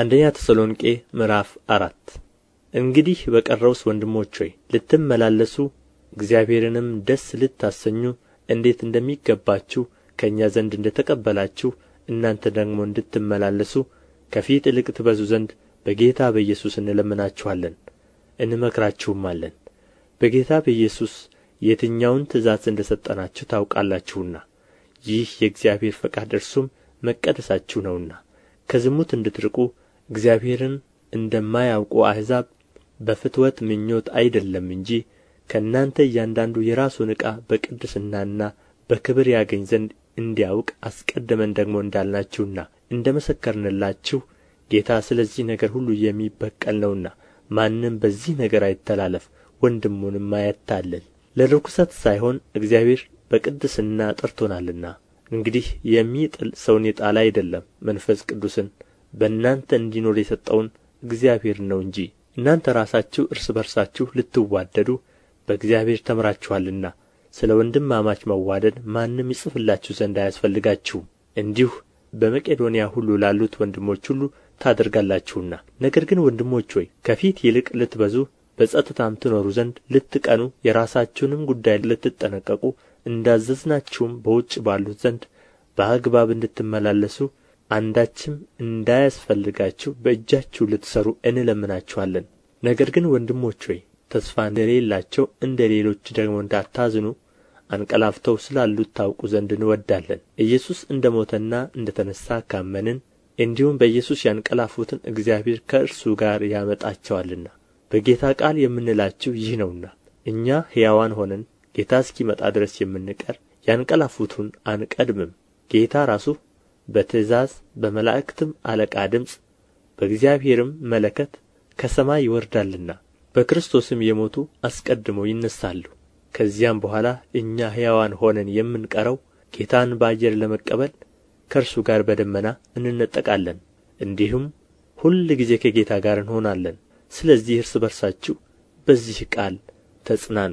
አንደኛ ተሰሎንቄ ምዕራፍ አራት እንግዲህ በቀረውስ ወንድሞች ሆይ ልትመላለሱ እግዚአብሔርንም ደስ ልታሰኙ እንዴት እንደሚገባችሁ ከእኛ ዘንድ እንደ ተቀበላችሁ እናንተ ደግሞ እንድትመላለሱ ከፊት ይልቅ ትበዙ ዘንድ በጌታ በኢየሱስ እንለምናችኋለን እንመክራችሁማለን። በጌታ በኢየሱስ የትኛውን ትእዛዝ እንደ ሰጠናችሁ ታውቃላችሁና ይህ የእግዚአብሔር ፈቃድ እርሱም መቀደሳችሁ ነውና ከዝሙት እንድትርቁ እግዚአብሔርን እንደማያውቁ አሕዛብ በፍትወት ምኞት አይደለም እንጂ ከእናንተ እያንዳንዱ የራሱን ዕቃ በቅድስናና በክብር ያገኝ ዘንድ እንዲያውቅ አስቀድመን ደግሞ እንዳልናችሁና እንደ መሰከርንላችሁ ጌታ ስለዚህ ነገር ሁሉ የሚበቀል ነውና ማንም በዚህ ነገር አይተላለፍ ወንድሙንም አያታልል ለርኵሰት ሳይሆን እግዚአብሔር በቅድስና ጠርቶናልና እንግዲህ የሚጥል ሰውን የጣለ አይደለም መንፈስ ቅዱስን በእናንተ እንዲኖር የሰጠውን እግዚአብሔርን ነው እንጂ እናንተ ራሳችሁ እርስ በርሳችሁ ልትዋደዱ በእግዚአብሔር ተምራችኋልና ስለ ወንድማማች መዋደድ ማንም ይጽፍላችሁ ዘንድ አያስፈልጋችሁም እንዲሁ በመቄዶንያ ሁሉ ላሉት ወንድሞች ሁሉ ታደርጋላችሁና። ነገር ግን ወንድሞች ሆይ ከፊት ይልቅ ልትበዙ በጸጥታም ትኖሩ ዘንድ ልትቀኑ፣ የራሳችሁንም ጉዳይ ልትጠነቀቁ እንዳዘዝናችሁም በውጭ ባሉት ዘንድ በአግባብ እንድትመላለሱ አንዳችም እንዳያስፈልጋችሁ በእጃችሁ ልትሠሩ እንለምናችኋለን ነገር ግን ወንድሞች ሆይ ተስፋ እንደሌላቸው እንደ ሌሎች ደግሞ እንዳታዝኑ አንቀላፍተው ስላሉት ታውቁ ዘንድ እንወዳለን ኢየሱስ እንደ ሞተና እንደ ተነሣ ካመንን እንዲሁም በኢየሱስ ያንቀላፉትን እግዚአብሔር ከእርሱ ጋር ያመጣቸዋልና በጌታ ቃል የምንላችሁ ይህ ነውና እኛ ሕያዋን ሆነን ጌታ እስኪመጣ ድረስ የምንቀር ያንቀላፉቱን አንቀድምም ጌታ ራሱ በትእዛዝ በመላእክትም አለቃ ድምፅ በእግዚአብሔርም መለከት ከሰማይ ይወርዳልና በክርስቶስም የሞቱ አስቀድመው ይነሳሉ። ከዚያም በኋላ እኛ ሕያዋን ሆነን የምንቀረው ጌታን በአየር ለመቀበል ከእርሱ ጋር በደመና እንነጠቃለን፣ እንዲሁም ሁል ጊዜ ከጌታ ጋር እንሆናለን። ስለዚህ እርስ በርሳችሁ በዚህ ቃል ተጽናኑ።